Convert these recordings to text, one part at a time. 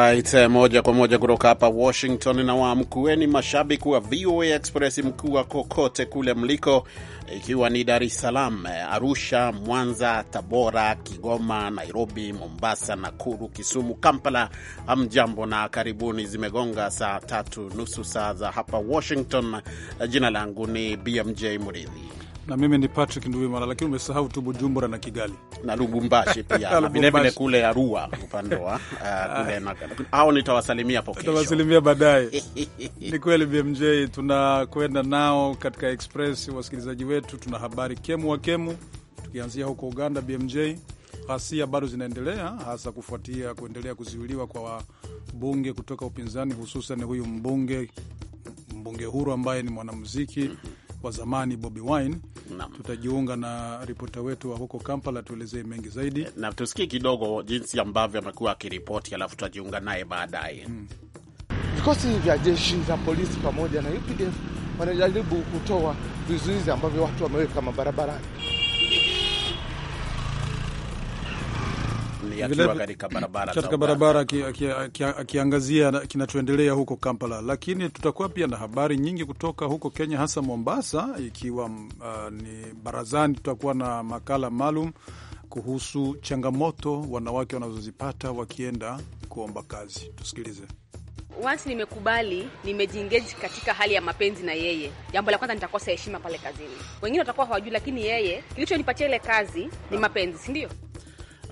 right, eh, moja kwa moja kutoka hapa Washington na waamkueni mashabiki wa VOA Express mkuu wa kokote kule mliko, ikiwa ni Dar es Salaam, eh, Arusha, Mwanza, Tabora, Kigoma, Nairobi, Mombasa, Nakuru, Kisumu, Kampala. Hamjambo na karibuni. Zimegonga saa tatu nusu saa za hapa Washington. Eh, jina langu ni BMJ Muridhi na mimi ni Patrick nduimana lakini umesahau tu Bujumbura na Kigali na Lubumbashi pia vilevile kule Arua upande wa uh, kule au nitawasalimia hapo baadaye. Ni kweli BMJ, tunakwenda nao katika Express wasikilizaji wetu, tuna habari kemu wa kemu, tukianzia huko Uganda. BMJ, ghasia bado zinaendelea hasa kufuatia kuendelea kuzuiliwa kwa wabunge kutoka upinzani, hususan huyu mbunge mbunge huru ambaye ni mwanamuziki wa zamani Bobi Wine tutajiunga na ripota wetu wa huko Kampala tuelezee mengi zaidi, na tusikie kidogo jinsi ambavyo amekuwa akiripoti, alafu tutajiunga naye baadaye. hmm. Vikosi vya jeshi za polisi pamoja na UPDF wanajaribu kutoa vizuizi ambavyo watu wameweka mabarabarani yakiwa barabara katika barabara akiangazia kinachoendelea huko Kampala, lakini tutakuwa pia na habari nyingi kutoka huko Kenya, hasa Mombasa, ikiwa uh, ni barazani. Tutakuwa na makala maalum kuhusu changamoto wanawake wanazozipata wakienda kuomba kazi. Tusikilize. Once nimekubali nimejiengage katika hali ya mapenzi na yeye, jambo la kwanza nitakosa heshima pale kazini. Wengine watakuwa hawajui, lakini yeye kilichonipatia ile kazi ni ah. mapenzi, si ndio?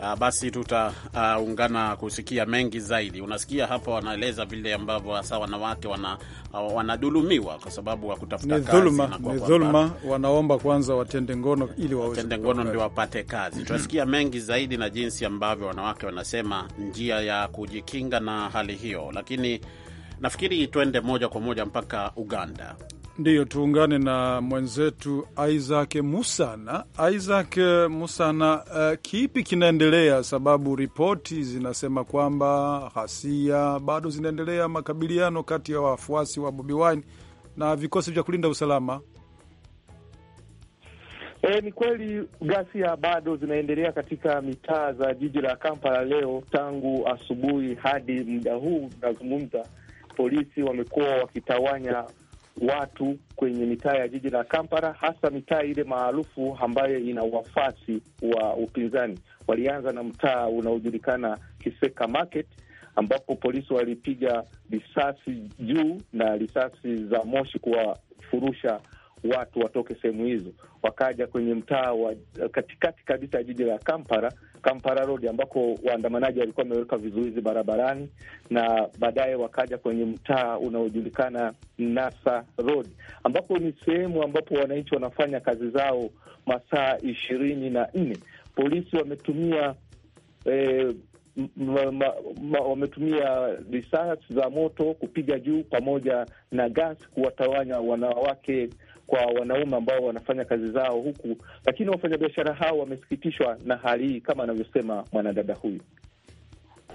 Uh, basi tutaungana uh, kusikia mengi zaidi. Unasikia hapa wanaeleza vile ambavyo hasa wanawake wana, uh, wanadhulumiwa kwa sababu wa kutafuta kazi ni dhuluma, wanaomba kwanza watende ngono ili waweze watende ngono ndio wapate kazi. Tutasikia mengi zaidi na jinsi ambavyo wanawake wanasema njia ya kujikinga na hali hiyo, lakini nafikiri tuende moja kwa moja mpaka Uganda. Ndiyo, tuungane na mwenzetu Isaac Musana. Isaac Musana, uh, eh, kipi kinaendelea? Sababu ripoti zinasema kwamba ghasia bado zinaendelea, makabiliano kati ya wafuasi wa Bobi Wine na vikosi vya kulinda usalama. E, ni kweli ghasia bado zinaendelea katika mitaa za jiji la Kampala leo tangu asubuhi hadi muda huu unazungumza, polisi wamekuwa wakitawanya watu kwenye mitaa ya jiji la Kampala, hasa mitaa ile maarufu ambayo ina wafasi wa upinzani. Walianza na mtaa unaojulikana Kiseka Market, ambapo polisi walipiga risasi juu na risasi za moshi kuwafurusha watu watoke sehemu hizo wakaja kwenye mtaa wa katikati kabisa ya jiji la Kampala, Kampala Road, ambako waandamanaji walikuwa wameweka vizuizi barabarani, na baadaye wakaja kwenye mtaa unaojulikana Nasa Road, ambapo ni sehemu ambapo wananchi wanafanya kazi zao masaa ishirini na nne. Polisi wametumia eh, wametumia risasi za moto kupiga juu pamoja na gas kuwatawanya wanawake kwa wanaume ambao wanafanya kazi zao huku, lakini wafanyabiashara hao wamesikitishwa na hali hii, kama anavyosema mwanadada huyu.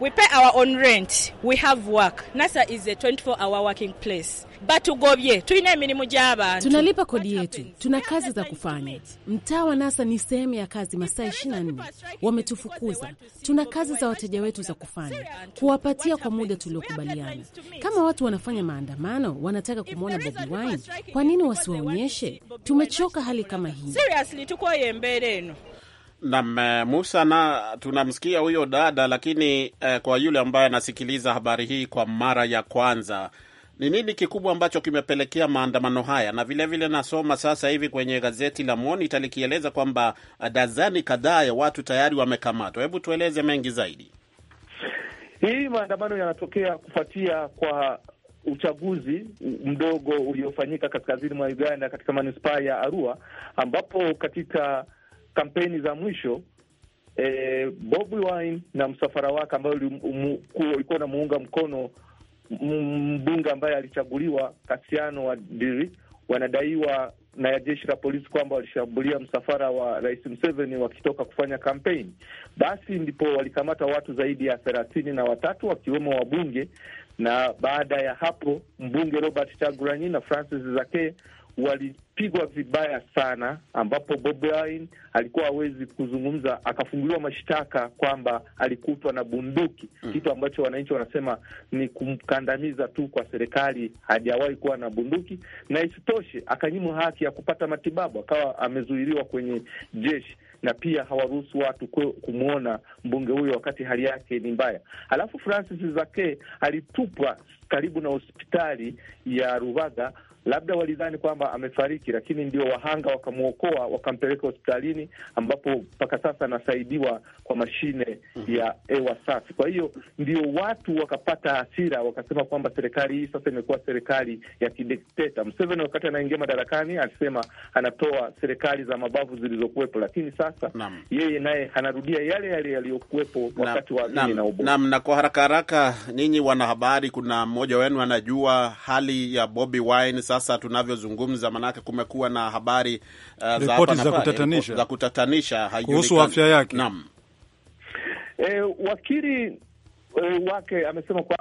We pay our own rent. We have work. NASA is a 24 hour working place. Batugobye tulina emirimu gy'abantu, tunalipa kodi yetu, tuna kazi za kufanya. Mtaa wa NASA ni sehemu ya kazi masaa 24. Wametufukuza, tuna kazi za wateja wetu za kufanya, kuwapatia kwa muda tuliokubaliana. Kama watu wanafanya maandamano, wanataka kumwona Bobi Wine, kwa nini wasiwaonyeshe? Tumechoka hali kama hii. Nam eh, Musa na tunamsikia huyo dada, lakini eh, kwa yule ambaye anasikiliza habari hii kwa mara ya kwanza, ni nini kikubwa ambacho kimepelekea maandamano haya? Na vilevile vile nasoma sasa hivi kwenye gazeti la Monitor likieleza kwamba eh, dazani kadhaa ya watu tayari wamekamatwa. Hebu tueleze mengi zaidi. Hii maandamano yanatokea kufuatia kwa uchaguzi mdogo uliofanyika kaskazini mwa Uganda katika manispaa ya Arua ambapo katika kampeni za mwisho eh, Bobi Wine na msafara wake ambao ulikuwa unamuunga mkono mbunge ambaye alichaguliwa Kasiano Diri wanadaiwa na jeshi la polisi kwamba walishambulia msafara wa Rais Museveni wakitoka kufanya kampeni. Basi ndipo walikamata watu zaidi ya thelathini na watatu wakiwemo wabunge, na baada ya hapo mbunge Robert Chagurani na Francis Zake walipigwa vibaya sana, ambapo Bobi Wine alikuwa hawezi kuzungumza, akafunguliwa mashtaka kwamba alikutwa na bunduki mm, kitu ambacho wananchi wanasema ni kumkandamiza tu kwa serikali, hajawahi kuwa na bunduki, na isitoshe akanyimwa haki ya kupata matibabu, akawa amezuiliwa kwenye jeshi, na pia hawaruhusu watu kumwona mbunge huyo wakati hali yake ni mbaya. Alafu Francis Zake alitupwa karibu na hospitali ya Rubaga labda walidhani kwamba amefariki, lakini ndio wahanga wakamwokoa, wakampeleka hospitalini ambapo mpaka sasa anasaidiwa kwa mashine ya hewa safi. Kwa hiyo ndio watu wakapata hasira, wakasema kwamba serikali hii sasa imekuwa serikali ya kidikteta. Mseveni wakati anaingia madarakani alisema anatoa serikali za mabavu zilizokuwepo, lakini sasa nam, yeye naye anarudia yale yale yaliyokuwepo wakati wa nam, na Obote. na kwa haraka haraka, ninyi wanahabari, kuna mmoja wenu anajua hali ya Bobi Wine sasa tunavyozungumza, manake kumekuwa na habari uh, za, za kutatanisha, za kutatanisha kuhusu afya yake. Naam, e, wakili e, wake amesema kwa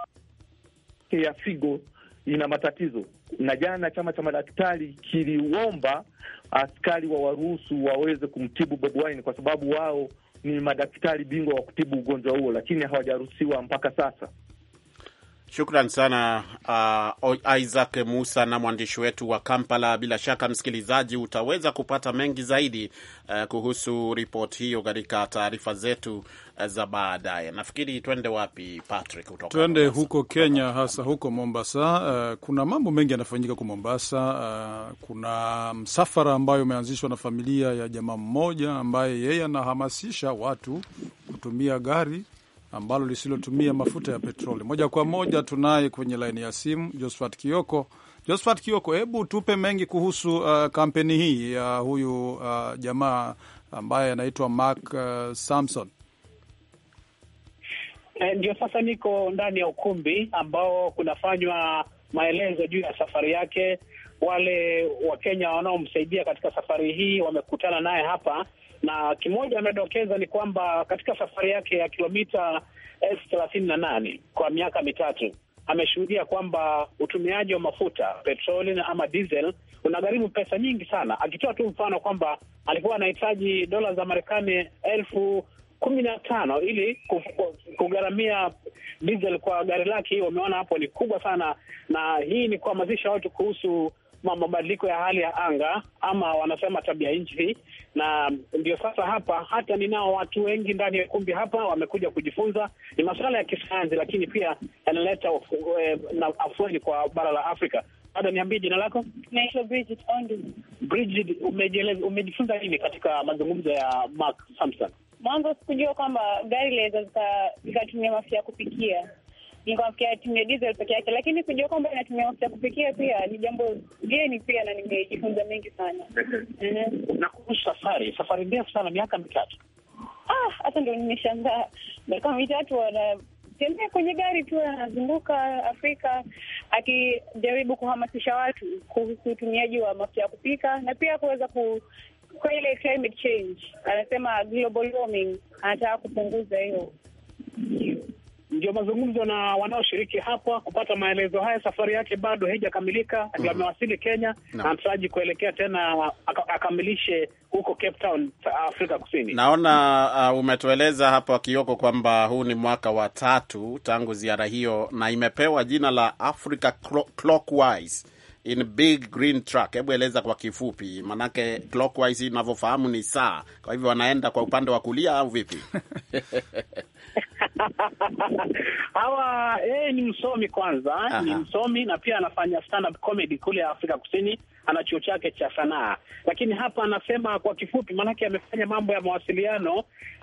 ya figo ina matatizo, na jana chama cha madaktari kiliomba askari wa waruhusu waweze kumtibu Bobi Wine kwa sababu wao ni madaktari bingwa wa kutibu ugonjwa huo, lakini hawajaruhusiwa mpaka sasa. Shukran sana uh, Isaac Musa na mwandishi wetu wa Kampala. Bila shaka, msikilizaji, utaweza kupata mengi zaidi uh, kuhusu ripoti hiyo katika taarifa zetu uh, za baadaye. Nafikiri twende wapi Patrick? Twende huko Kenya, hasa huko Mombasa. Uh, kuna mambo mengi yanafanyika huko Mombasa. Uh, kuna msafara ambayo umeanzishwa na familia ya jamaa mmoja ambaye yeye anahamasisha watu kutumia gari ambalo lisilotumia mafuta ya petroli. Moja kwa moja tunaye kwenye laini ya simu Josphat Kioko. Josphat Kioko, hebu tupe mengi kuhusu uh, kampeni hii ya uh, huyu uh, jamaa ambaye anaitwa Mark uh, Samson. Eh, ndio, sasa niko ndani ya ukumbi ambao kunafanywa maelezo juu ya safari yake. Wale Wakenya wanaomsaidia katika safari hii wamekutana naye hapa na kimoja amedokeza ni kwamba katika safari yake ya kilomita elfu thelathini na nane kwa miaka mitatu ameshuhudia kwamba utumiaji wa mafuta petroli na ama diesel unagharimu pesa nyingi sana, akitoa tu mfano kwamba alikuwa anahitaji dola za Marekani elfu kumi na tano ili kugharamia diesel kwa gari lake. Wameona hapo ni kubwa sana, na hii ni kuhamasisha watu kuhusu mabadiliko ya hali ya anga ama wanasema tabia nchi, na ndio sasa hapa hata ninao watu wengi ndani ya ukumbi hapa wamekuja kujifunza. Ni masuala ya kisayansi, lakini pia yanaleta e, na afueni kwa bara la Afrika. Bado niambie jina lako. Naitwa Bridget Bridget, umejifunza nini katika mazungumzo ya Mark Samson? Mwanzo sikujua kwamba gari laweza zikatumia mafuta ya kupikia mkafikia atumia diesel peke yake, lakini kujua kwamba inatumia mafuta kupikia pia ni jambo geni pia, na nimejifunza mengi sana mhm. na kuhusu safari. Safari ndefu sana, miaka mitatu. Ah, hata ndo nimeshangaa, miaka mitatu wana tembea kwenye gari tu anazunguka Afrika akijaribu kuhamasisha watu kuhusu utumiaji wa mafuta ya kupika na pia kuweza ku kwa ile climate change, anasema global warming, anataka kupunguza hiyo ndio mazungumzo na wanaoshiriki hapa kupata maelezo haya. Safari yake bado haijakamilika, ndio mhm. amewasili Kenya na anataraji kuelekea tena akamilishe huko Cape Town, Afrika Kusini. Naona uh, umetueleza hapa Kioko kwamba huu ni mwaka wa tatu tangu ziara hiyo na imepewa jina la Africa Clockwise in Big Green Truck. Hebu eleza kwa kifupi, manake clockwise inavyofahamu ni saa, kwa hivyo wanaenda kwa upande wa kulia au vipi? hawa yeye eh, ni msomi kwanza. Eh, Aha. Ni msomi na pia anafanya stand up comedy kule Afrika Kusini, ana chuo chake cha sanaa, lakini hapa anasema kwa kifupi, maanake amefanya mambo ya mawasiliano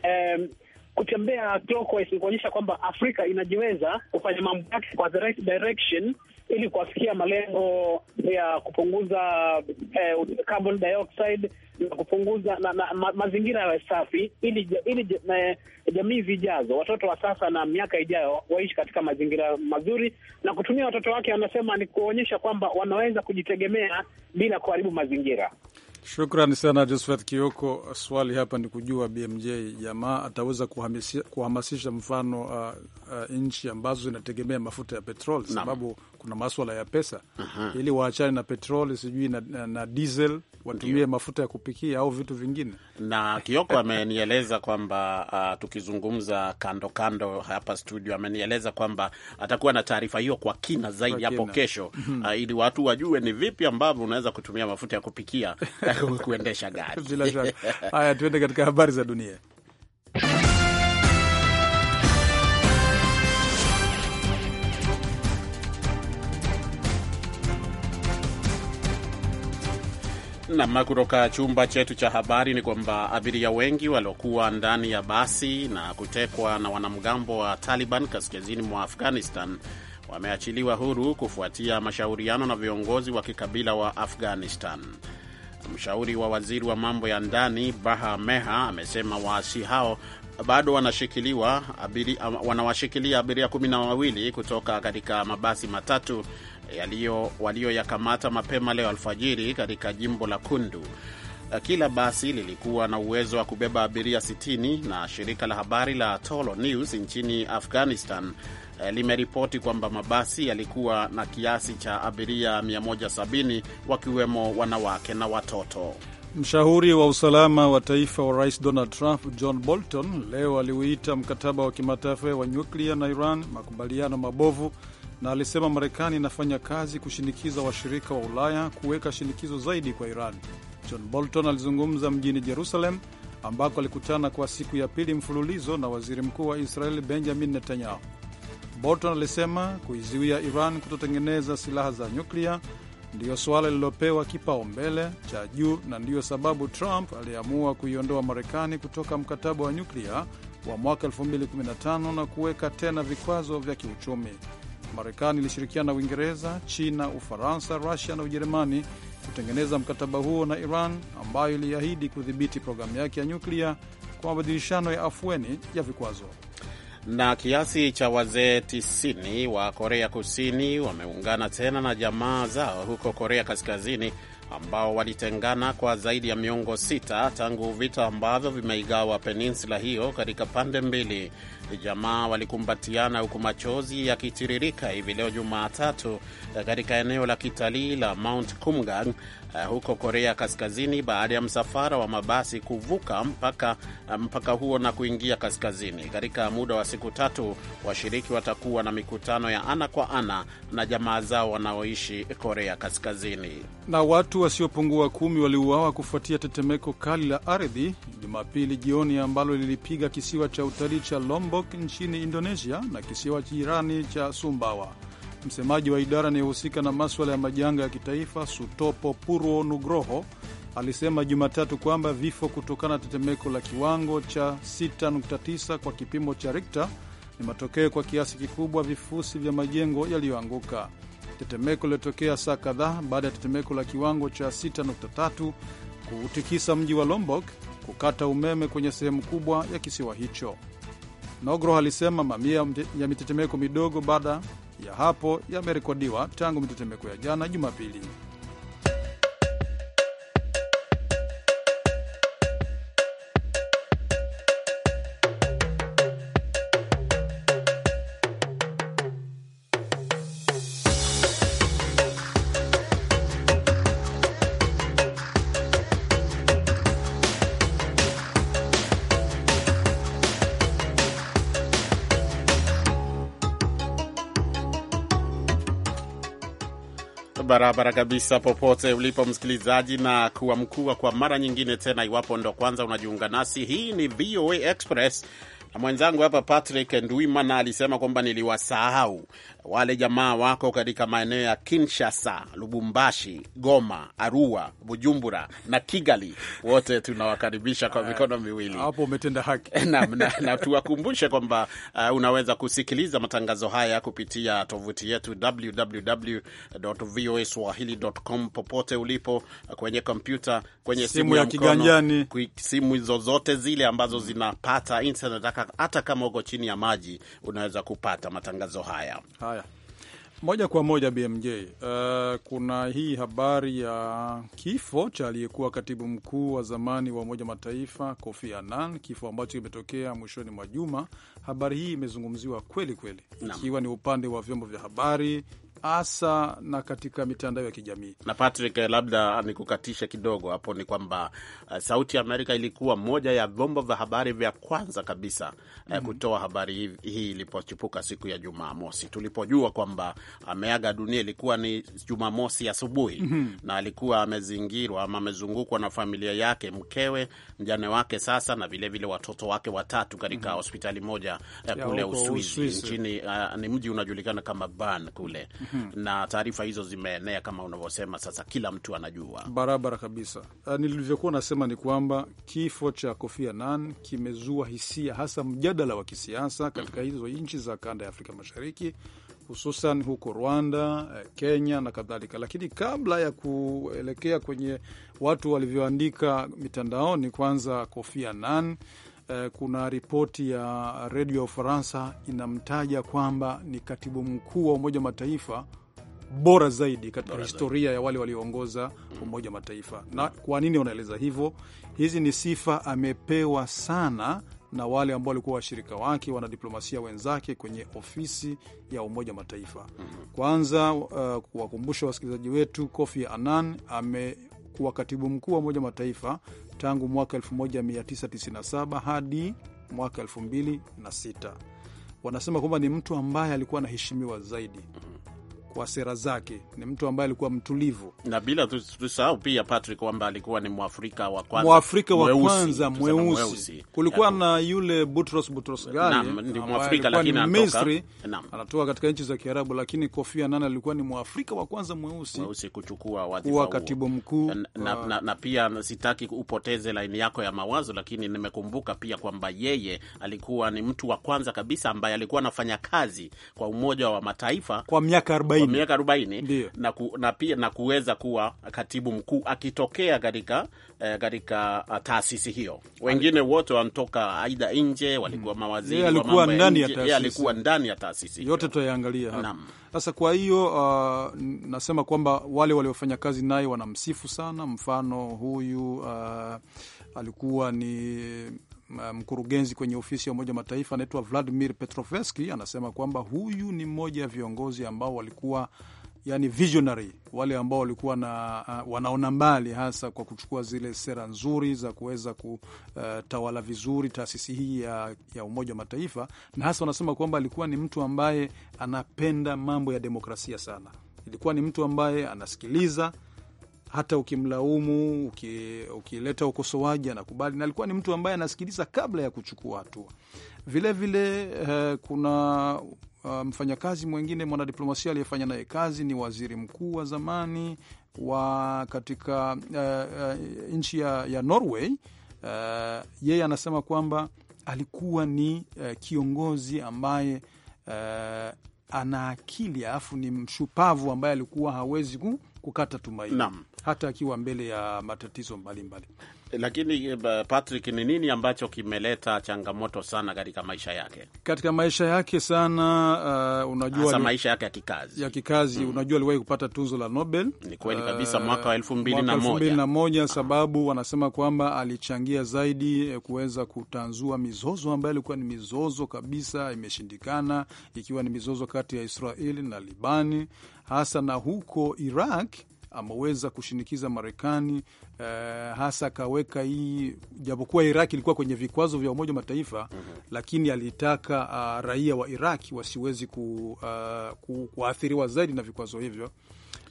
um, kutembea clockwise kuonyesha kwamba Afrika inajiweza kufanya mambo yake kwa the right direction ili kuwafikia malengo ya kupunguza eh, carbon dioxide na kupunguza na, na, ma, mazingira yawe safi ili, ili jamii zijazo, watoto wa sasa na miaka ijayo waishi katika mazingira mazuri. Na kutumia watoto wake, wanasema ni kuonyesha kwamba wanaweza kujitegemea bila kuharibu mazingira. Shukrani sana Josephat Kioko. Swali hapa ni kujua BMJ jamaa ataweza kuhamasisha mfano uh, uh, nchi ambazo zinategemea mafuta ya petrol, sababu kuna maswala ya pesa uh -huh. ili waachane na petroli sijui na, na, na diesel watumie mafuta ya kupikia au vitu vingine. Na Kioko amenieleza kwamba uh, tukizungumza kando kando hapa studio, amenieleza kwamba atakuwa na taarifa hiyo kwa kina zaidi hapo kesho mhm. uh, ili watu wajue ni vipi ambavyo unaweza kutumia mafuta ya kupikia kuendesha gari bila shaka. Haya, tuende katika habari za dunia. Nam, kutoka chumba chetu cha habari ni kwamba abiria wengi waliokuwa ndani ya basi na kutekwa na wanamgambo wa Taliban kaskazini mwa Afghanistan wameachiliwa huru kufuatia mashauriano na viongozi wa kikabila wa Afghanistan. Mshauri wa waziri wa mambo ya ndani Baha Meha amesema waasi hao bado wanashikiliwa abiri, wanawashikilia abiria kumi na wawili kutoka katika mabasi matatu walioyakamata mapema leo alfajiri katika jimbo la Kundu. Kila basi lilikuwa na uwezo wa kubeba abiria 60 na shirika la habari la Tolo News nchini Afghanistan Eh, limeripoti kwamba mabasi yalikuwa na kiasi cha abiria 170 wakiwemo wanawake na watoto. Mshauri wa usalama wa taifa wa rais Donald Trump, John Bolton, leo aliuita mkataba wa kimataifa wa nyuklia na Iran makubaliano mabovu, na alisema Marekani inafanya kazi kushinikiza washirika wa Ulaya kuweka shinikizo zaidi kwa Iran. John Bolton alizungumza mjini Jerusalem ambako alikutana kwa siku ya pili mfululizo na waziri mkuu wa Israel Benjamin Netanyahu. Bolton alisema kuizuia Iran kutotengeneza silaha za nyuklia ndiyo suala lililopewa kipaumbele cha juu na ndiyo sababu Trump aliamua kuiondoa Marekani kutoka mkataba wa nyuklia wa mwaka 2015 na kuweka tena vikwazo vya kiuchumi. Marekani ilishirikiana na Uingereza, China, Ufaransa, Rusia na Ujerumani kutengeneza mkataba huo na Iran ambayo iliahidi kudhibiti programu yake ya nyuklia kwa mabadilishano ya afueni ya vikwazo. Na kiasi cha wazee 90 wa Korea Kusini wameungana tena na jamaa zao huko Korea Kaskazini ambao walitengana kwa zaidi ya miongo sita tangu vita ambavyo vimeigawa peninsula hiyo katika pande mbili. Jamaa walikumbatiana huku machozi yakitiririka hivi leo Jumatatu katika eneo la kitalii la Mount Kumgang uh, huko Korea Kaskazini baada ya msafara wa mabasi kuvuka mpaka, eh, mpaka huo na kuingia kaskazini. Katika muda wa siku tatu, washiriki watakuwa na mikutano ya ana kwa ana na jamaa zao wanaoishi Korea Kaskazini. Na watu wasiopungua kumi waliuawa kufuatia tetemeko kali la ardhi Jumapili jioni ambalo lilipiga kisiwa cha utalii cha Lombok nchini Indonesia na kisiwa jirani cha Sumbawa. Msemaji wa idara inayohusika na maswala ya majanga ya kitaifa Sutopo Purwo Nugroho alisema Jumatatu kwamba vifo kutokana na tetemeko la kiwango cha 6.9 kwa kipimo cha Rikta ni matokeo kwa kiasi kikubwa vifusi vya majengo yaliyoanguka. Tetemeko lilitokea saa kadhaa baada ya tetemeko la kiwango cha 6.3 kuutikisa mji wa Lombok, kukata umeme kwenye sehemu kubwa ya kisiwa hicho. Nogro alisema mamia ya mitetemeko midogo baada ya hapo yamerekodiwa tangu mitetemeko ya jana Jumapili. barabara kabisa, popote ulipo msikilizaji, na kuamkua kwa mara nyingine tena. Iwapo ndo kwanza unajiunga nasi, hii ni VOA Express na mwenzangu hapa Patrick Ndwimana alisema kwamba niliwasahau wale jamaa wako katika maeneo ya Kinshasa, Lubumbashi, Goma, Arua, Bujumbura na Kigali, wote tunawakaribisha kwa mikono eh, miwili. Hapo umetenda haki. Na, na, na tuwakumbushe kwamba uh, unaweza kusikiliza matangazo haya kupitia tovuti yetu www.voaswahili.com popote ulipo, uh, kwenye kompyuta, kwenye simu, simu ya kiganjani, simu zozote zile ambazo zinapata internet, hata kama uko chini ya maji unaweza kupata matangazo haya haya. Moja kwa moja BMJ. Uh, eh, kuna hii habari ya kifo cha aliyekuwa katibu mkuu wa zamani wa Umoja Mataifa Kofi Annan, kifo ambacho kimetokea mwishoni mwa juma. Habari hii imezungumziwa kweli kweli, ikiwa ni upande wa vyombo vya habari, hasa na katika mitandao ya kijamii. Na Patrick, labda nikukatishe kidogo hapo, ni kwamba uh, Sauti ya Amerika ilikuwa moja ya vyombo vya habari vya kwanza kabisa uh, mm -hmm. kutoa habari hii, hii ilipochipuka siku ya Jumamosi tulipojua kwamba ameaga dunia, ilikuwa ni Jumamosi asubuhi mm -hmm. na alikuwa amezingirwa ama amezungukwa na familia yake, mkewe, mjane wake sasa na vilevile vile watoto wake watatu katika mm -hmm. hospitali moja uh, kule Uswizi nchini uh, ni mji unajulikana kama Bern kule mm Mhm. na taarifa hizo zimeenea kama unavyosema, sasa kila mtu anajua barabara kabisa. Ah, nilivyokuwa nasema ni kwamba kifo cha Kofi Annan kimezua hisia, hasa mjadala wa kisiasa katika hizo nchi za kanda ya Afrika Mashariki, hususan huko Rwanda, eh, Kenya na kadhalika. Lakini kabla ya kuelekea kwenye watu walivyoandika mitandaoni, kwanza Kofi Annan eh, kuna ripoti ya redio ya Ufaransa inamtaja kwamba ni katibu mkuu wa Umoja wa Mataifa bora zaidi katika bora historia zaidi ya wale walioongoza mm. Umoja wa Mataifa. Na kwa nini wanaeleza hivyo? Hizi ni sifa amepewa sana na wale ambao walikuwa washirika wake, wanadiplomasia wenzake kwenye ofisi ya Umoja wa Mataifa. Mm-hmm. Kwanza uh, kuwakumbusha wasikilizaji wetu, Kofi Annan ame kuwa katibu mkuu wa Umoja Mataifa tangu mwaka 1997 hadi mwaka 2006. Wanasema kwamba ni mtu ambaye alikuwa anaheshimiwa zaidi kwa sera zake. Ni mtu ambaye alikuwa mtulivu, na bila tusahau pia Patrick kwamba alikuwa ni Mwafrika wa kwanza, Mwafrika wa kwanza mweusi, mweusi. Kulikuwa ya na yule Butros Butros Ghali ni Mwafrika lakini Misri, anatoka katika nchi za Kiarabu, lakini Kofi Annan alikuwa ni Mwafrika wa kwanza mweusi mweusi kuchukua wadhifa katibu mkuu na, na, na, na pia sitaki upoteze laini yako ya mawazo, lakini nimekumbuka pia kwamba yeye alikuwa ni mtu wa kwanza kabisa ambaye alikuwa anafanya kazi kwa Umoja wa Mataifa kwa miaka 40 miaka arobaini na, ku, na pia na kuweza kuwa katibu mkuu akitokea katika eh, katika ah, taasisi hiyo. Wengine wote wanatoka aidha nje, walikuwa mawaziri, alikuwa ndani ya taasisi yote, tutayaangalia Sasa kwa hiyo uh, nasema kwamba wale waliofanya kazi naye wanamsifu sana. Mfano huyu uh, alikuwa ni mkurugenzi kwenye ofisi ya Umoja Mataifa anaitwa Vladimir Petrofeski anasema kwamba huyu ni mmoja ya viongozi ambao walikuwa yani visionary, wale ambao walikuwa na uh, wanaona mbali hasa kwa kuchukua zile sera nzuri za kuweza kutawala uh, vizuri taasisi hii ya, ya Umoja wa Mataifa, na hasa wanasema kwamba alikuwa ni mtu ambaye anapenda mambo ya demokrasia sana, ilikuwa ni mtu ambaye anasikiliza hata ukimlaumu, ukileta ukosoaji anakubali, na alikuwa ni mtu ambaye anasikiliza kabla ya kuchukua hatua. Vilevile eh, kuna Uh, mfanyakazi mwingine mwanadiplomasia aliyefanya naye kazi ni waziri mkuu wa zamani wa katika uh, uh, nchi ya, ya Norway. Uh, yeye anasema kwamba alikuwa ni uh, kiongozi ambaye uh, ana akili alafu ni mshupavu ambaye alikuwa hawezi kukata tumaini. Naam hata akiwa mbele ya matatizo mbalimbali mbali. Lakini eh, Patrick, ni nini ambacho kimeleta changamoto sana katika maisha yake katika maisha yake sana? Uh, unajua li... maisha yake ya kikazi ya kikazi mm. Unajua aliwahi kupata tunzo la Nobel, ni kweli kabisa, uh, mwaka wa elfu mbili na moja, elfu mbili na moja sababu wanasema kwamba alichangia zaidi eh, kuweza kutanzua mizozo ambayo ilikuwa ni mizozo kabisa imeshindikana, ikiwa ni mizozo kati ya Israeli na Libani hasa na huko Iraq ameweza kushinikiza Marekani uh, hasa akaweka hii, japokuwa Iraki ilikuwa kwenye vikwazo vya Umoja Mataifa mm -hmm. lakini alitaka uh, raia wa Iraki wasiwezi ku, uh, ku, kuathiriwa zaidi na vikwazo hivyo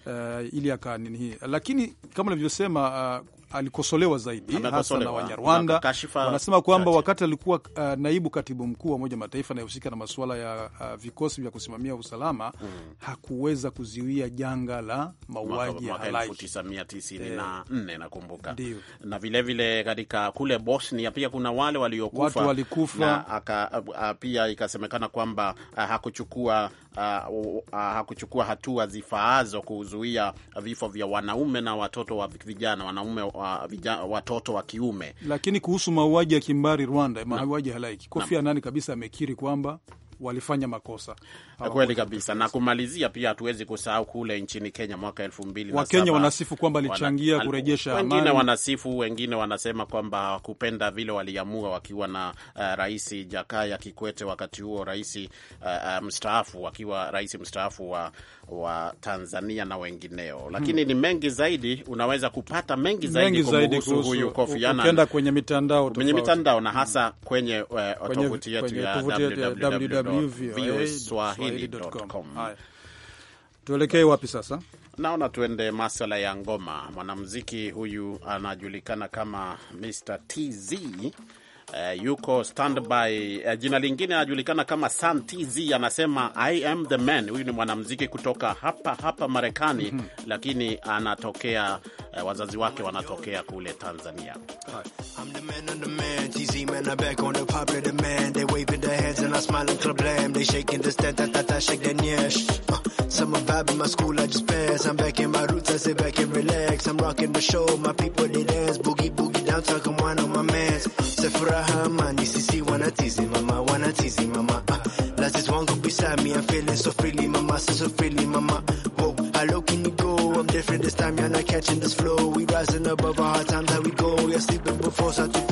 uh, ili akanini hii, lakini kama unavyosema uh, ah, alikosolewa zaidi hasa na Wanyarwanda. Wanasema kwamba wakati alikuwa uh, naibu katibu mkuu wa Umoja Mataifa anayehusika na masuala ya uh, vikosi vya kusimamia usalama mm, hakuweza kuzuia janga la mauaji ya halaiki 1994 eh, nakumbuka, na vilevile katika kule Bosnia pia kuna wale waliokufa, watu walikufa na, aka, a, uh, a, pia ikasemekana kwamba uh, hakuchukua uh, uh, hakuchukua hatua zifaazo kuzuia vifo vya wanaume na watoto wa vijana wanaume wa vijana, watoto wa kiume. Lakini kuhusu mauaji ya kimbari Rwanda, mauaji halaiki, Kofi Annan kabisa amekiri kwamba walifanya makosa kweli kabisa. Na kumalizia pia, hatuwezi kusahau kule nchini Kenya mwaka elfu mbili Wakenya wanasifu kwamba alichangia wana, kurejesha amani. Wengine wanasifu, wengine wanasema kwamba kupenda vile waliamua wakiwa na uh, Rais Jakaya Kikwete wakati huo rais uh, uh mstaafu, akiwa rais mstaafu wa, wa Tanzania na wengineo, hmm. lakini hmm, ni mengi zaidi, unaweza kupata mengi zaidi kuhusu huyu Kofi Annan kwenye mitandao na hasa hmm. uh, kwenye tovuti yetu ya www www.voaswahili.com. Tuelekee wapi sasa? Naona tuende maswala ya ngoma. Mwanamuziki huyu anajulikana kama Mr TZ. Uh, eh, yuko standby. Uh, jina lingine anajulikana kama San TZ, anasema I am the man. Huyu ni mwanamuziki kutoka hapa hapa Marekani mm -hmm. Lakini anatokea uh, wazazi wake wanatokea kule Tanzania. Hi. that's smiling, little problem. They shaking this, stand, that, that, shake the nyesh. Uh, summer vibe in my school, I just pass. I'm back in my roots, I sit back and relax. I'm rocking the show, my people, they dance. Boogie, boogie, down, talking one on my mans. Sefuraha, man, sisi, wanna tease me, mama, wanna tease me, mama. Uh, last is one go beside me, I'm feeling so freely, mama, so, so freely, mama. Whoa, how low can you go? I'm different this time, you're not catching this flow. We rising above our hard times, how we go. we are sleeping before, so to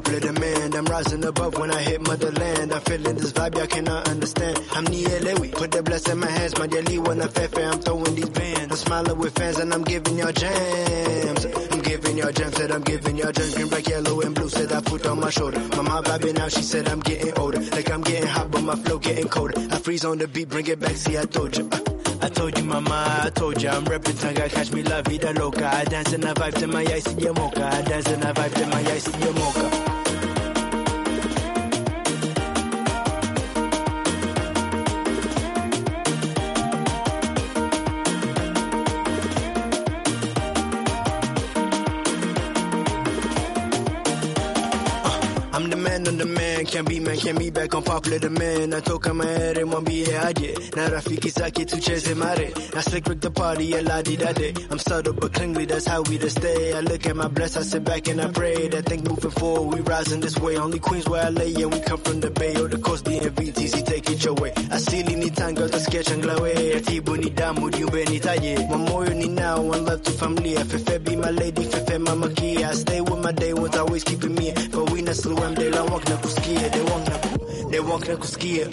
popular demand. I'm rising above when I hit motherland. I'm feeling this vibe, y'all cannot understand. I'm Nia Lewy, put the bless in my hands. My daily when I fair fair, I'm throwing these bands. I'm smiling with fans and I'm giving y'all jams. I'm giving y'all jams, said I'm giving y'all jams. Green, black, yellow, and blue, said I put on my shoulder. My Mama vibing out, she said I'm getting older. Like I'm getting hot, but my flow getting colder. I freeze on the beat, bring it back, see I told you. Uh. I told you, mama, I told you I'm reppin' Tanga. Catch me la vida loca. I dance and I vibe to my your mocha. I dance and I vibe to my your mocha. Man can be, man can be back on popular demand. Natoka maere mwambie aje na rafiki zake tucheze mare. I slick with the party, and I did that. day. I'm subtle but clingly, that's how we to stay. I look at my bless, I sit back and I pray. That think moving forward, we rising this way. Only Queens where I lay, yeah, we come from the bay or the coast, the NV asili ni Tanga, utasikia changlawe, tibu ni damu, jumbe ni taje, mamoyo ni nao, one love to familia, fefe be my lady, fefe mama kia, stay with my day, what always keeping me, but we na slow, I'm day long, walk na kusikia, they walk na, they walk na kusikia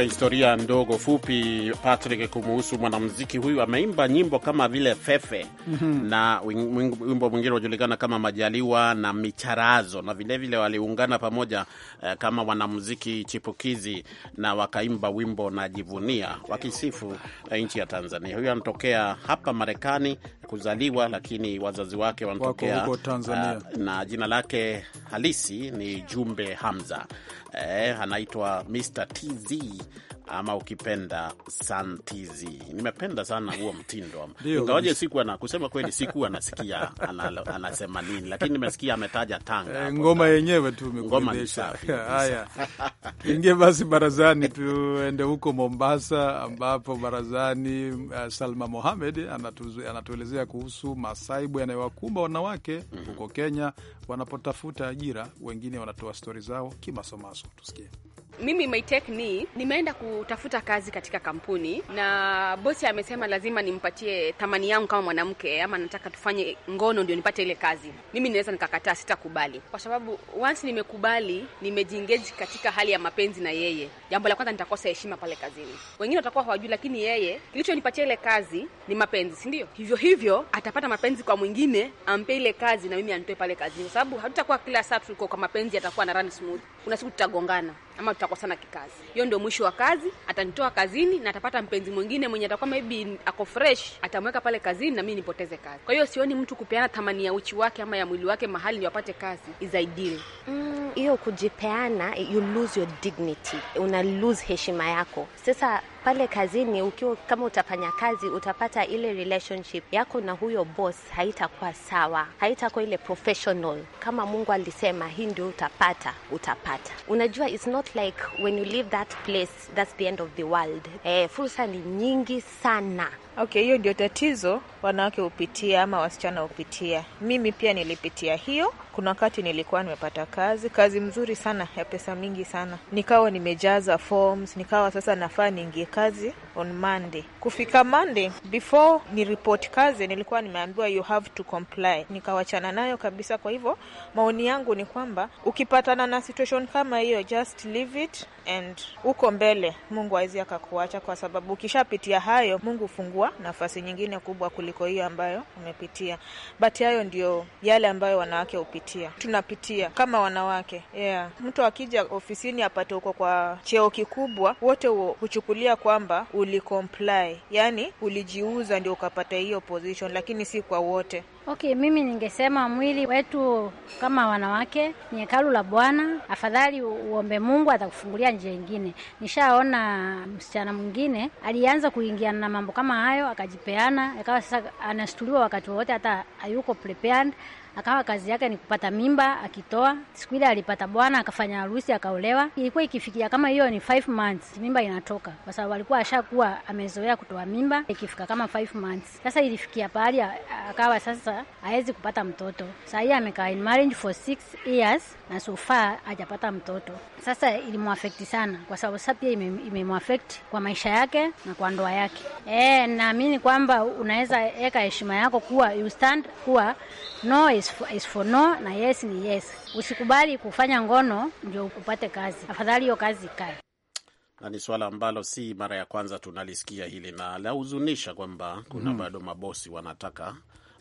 nikupe historia ndogo fupi Patrick, kumuhusu mwanamuziki huyu. Ameimba nyimbo kama vile Fefe mm -hmm. na wimbo mwingine unajulikana kama Majaliwa na Micharazo, na vilevile waliungana pamoja eh, kama wanamuziki chipukizi na wakaimba wimbo na jivunia wakisifu eh, nchi ya Tanzania. Huyu anatokea hapa Marekani kuzaliwa, lakini wazazi wake wanatokea huko Tanzania, uh, na jina lake halisi ni Jumbe Hamza. Eh, anaitwa Mr TZ ama ukipenda santizi. Nimependa sana huo mtindo, ingawaje sikuwa na kusema kweli, sikuwa nasikia anasema nini, lakini nimesikia ametaja Tanga. Eh, ngoma yenyewe tu imekuendesha. Haya, ingie basi barazani, tuende huko Mombasa, ambapo barazani uh, Salma Mohamed anatuelezea kuhusu masaibu yanayowakumba wanawake mm huko -hmm. Kenya wanapotafuta ajira, wengine wanatoa stori zao kimasomaso. Tusikie. Mimi my ni nimeenda kutafuta kazi katika kampuni na bosi amesema lazima nimpatie thamani yangu kama mwanamke, ama nataka tufanye ngono ndio nipate ile kazi. Mimi naweza nikakataa, sitakubali, kwa sababu once nimekubali, nimejingeji katika hali ya mapenzi na yeye, jambo la kwanza nitakosa heshima pale kazini. Wengine watakuwa hawajui, lakini yeye kilichonipatia ile kazi ni mapenzi, si ndio? Hivyo hivyo atapata mapenzi kwa mwingine, ampe ile kazi na mimi antoe pale kazini, kwa sababu hatutakuwa kila saa tuko kwa mapenzi, atakuwa na run smooth. Kuna siku tutagongana ama tutakosana kikazi. Hiyo ndio mwisho wa kazi, atanitoa kazini na atapata mpenzi mwingine mwenye atakuwa maybe ako fresh, atamweka pale kazini na mimi nipoteze kazi. Kwa hiyo sioni mtu kupeana thamani ya uchi wake ama ya mwili wake mahali ndio apate kazi is ideal. Mm, hiyo mm, kujipeana, you lose your dignity, una lose heshima yako. Sasa pale kazini, ukiwa kama utafanya kazi utapata ile relationship yako na huyo boss haitakuwa sawa, haitakuwa ile professional. Kama Mungu alisema hii ndio utapata, utapata. Unajua, it's not like when you leave that place that's the end of the world. Eh, fursa ni nyingi sana Okay, hiyo ndio tatizo wanawake hupitia ama wasichana hupitia. Mimi pia nilipitia hiyo. Kuna wakati nilikuwa nimepata kazi, kazi mzuri sana ya pesa mingi sana, nikawa nimejaza forms, nikawa sasa nafaa niingie kazi on Monday. Kufika Monday before ni report kazi, nilikuwa nimeambiwa you have to comply, nikawachana nayo kabisa. Kwa hivyo maoni yangu ni kwamba ukipatana na situation kama hiyo, just leave it and uko mbele, Mungu awezi akakuacha, kwa sababu ukishapitia hayo, Mungu hufungua nafasi nyingine kubwa kuliko hiyo ambayo umepitia. But hayo ndio yale ambayo wanawake hupitia, tunapitia kama wanawake yeah. Mtu akija ofisini apate uko kwa cheo kikubwa, wote huchukulia kwamba uli ulicomply, yani ulijiuza ndio ukapata hiyo position, lakini si kwa wote. Okay, mimi ningesema mwili wetu kama wanawake ni hekalu la Bwana. Afadhali uombe Mungu atakufungulia njia ingine Nishaona msichana mwingine alianza kuingiana na mambo kama hayo, akajipeana, ikawa sasa anastuliwa wakati wowote, hata hayuko prepared akawa kazi yake ni kupata mimba akitoa. Siku ile alipata bwana akafanya harusi akaolewa. Ilikuwa ikifikia kama hiyo ni 5 months mimba inatoka, kwa sababu alikuwa ashakuwa amezoea kutoa mimba ikifika kama 5 months. Sasa ilifikia pahali akawa sasa hawezi kupata mtoto. Sasa yeye amekaa in marriage for 6 years na so far hajapata mtoto. Sasa ilimwafekti sana, kwa sababu sasa pia imemwafekti ime kwa maisha yake na kwa ndoa yake. E, naamini kwamba unaweza weka heshima yako kuwa you stand kuwa no is is for no na yes ni yes. Usikubali kufanya ngono ndio upate kazi, afadhali hiyo kazi ikae. Na ni swala ambalo si mara ya kwanza tunalisikia hili, na lahuzunisha kwamba kuna mm, bado mabosi wanataka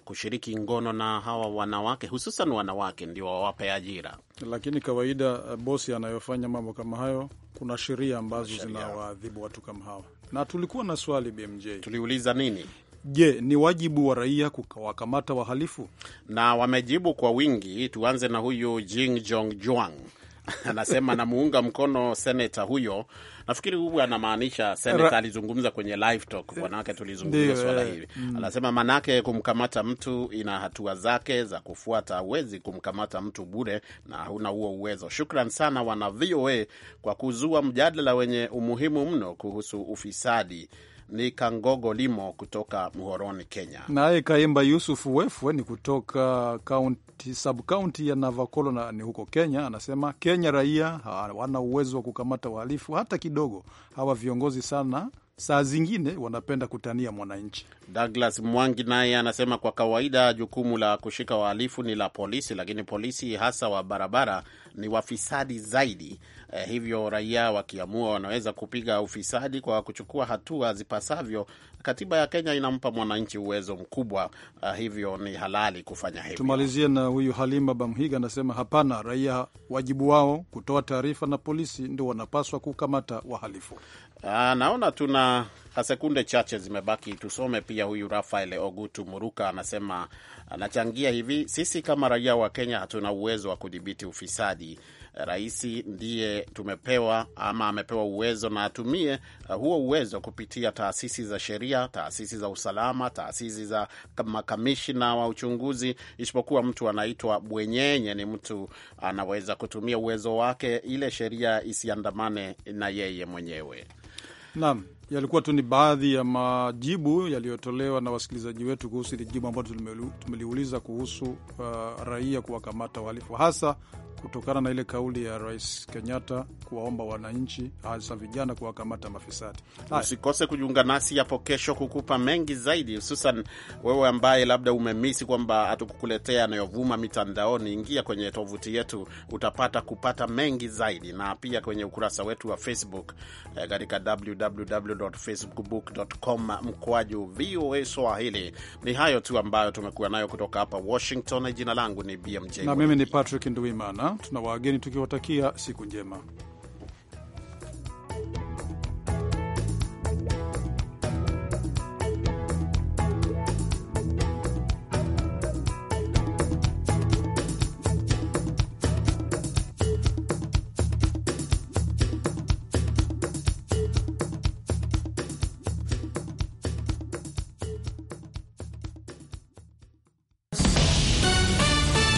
kushiriki ngono na hawa wanawake, hususan wanawake ndio wawape ajira. Lakini kawaida eh, bosi anayofanya mambo kama hayo, kuna sheria ambazo zinawaadhibu watu kama hawa. Na tulikuwa na swali BMJ, tuliuliza nini? Je, ni wajibu wa raia kuwakamata wahalifu? Na wamejibu kwa wingi. Tuanze na huyu Jing Jong Juang anasema namuunga mkono seneta huyo. Nafikiri huyu anamaanisha seneta alizungumza kwenye live talk, manake tulizungumza swala hili. Mm. Anasema manake kumkamata mtu ina hatua zake za kufuata, hawezi kumkamata mtu bure na huna huo uwezo. Shukran sana wana VOA kwa kuzua mjadala wenye umuhimu mno kuhusu ufisadi ni Kangogo Limo kutoka Muhoroni, Kenya. Naye Kaimba Yusuf Wefwe ni kutoka kaunti, sub kaunti ya Navakolo na ni huko Kenya. Anasema Kenya raia hawana uwezo wa kukamata wahalifu hata kidogo. Hawa viongozi sana saa zingine wanapenda kutania mwananchi. Douglas Mwangi naye anasema kwa kawaida jukumu la kushika wahalifu ni la polisi, lakini polisi hasa wa barabara ni wafisadi zaidi eh, hivyo raia wakiamua wanaweza kupiga ufisadi kwa kuchukua hatua zipasavyo. Katiba ya Kenya inampa mwananchi uwezo mkubwa, eh, hivyo ni halali kufanya hivyo. Tumalizie na huyu Halima Bamhiga anasema hapana, raia wajibu wao kutoa taarifa na polisi ndio wanapaswa kukamata wahalifu. Ah, naona tuna sekunde chache zimebaki, tusome pia huyu Rafael Ogutu Muruka anasema anachangia hivi: sisi kama raia wa Kenya hatuna uwezo wa kudhibiti ufisadi rais ndiye tumepewa ama amepewa uwezo na atumie uh, huo uwezo kupitia taasisi za sheria, taasisi za usalama, taasisi za makamishina wa uchunguzi, isipokuwa mtu anaitwa bwenyenye, ni mtu anaweza kutumia uwezo wake ile sheria isiandamane na yeye mwenyewe. Naam, yalikuwa tu ni baadhi ya majibu yaliyotolewa na wasikilizaji wetu kuhusu hili jibu ambalo tumeliuliza kuhusu uh, raia kuwakamata wahalifu hasa kutokana na ile kauli ya Rais Kenyatta kuwaomba wananchi, hasa vijana, kuwakamata mafisadi. Usikose kujiunga nasi hapo kesho kukupa mengi zaidi, hususan wewe ambaye labda umemisi kwamba hatukukuletea anayovuma mitandaoni. Ingia kwenye tovuti yetu, utapata kupata mengi zaidi, na pia kwenye ukurasa wetu wa Facebook eh, katika www.facebook.com mkwaju VOA Swahili. Ni hayo tu ambayo tumekuwa nayo kutoka hapa Washington. Jina langu ni BMJ na mimi ni Patrick Nduimana tuna wageni tukiwatakia siku njema.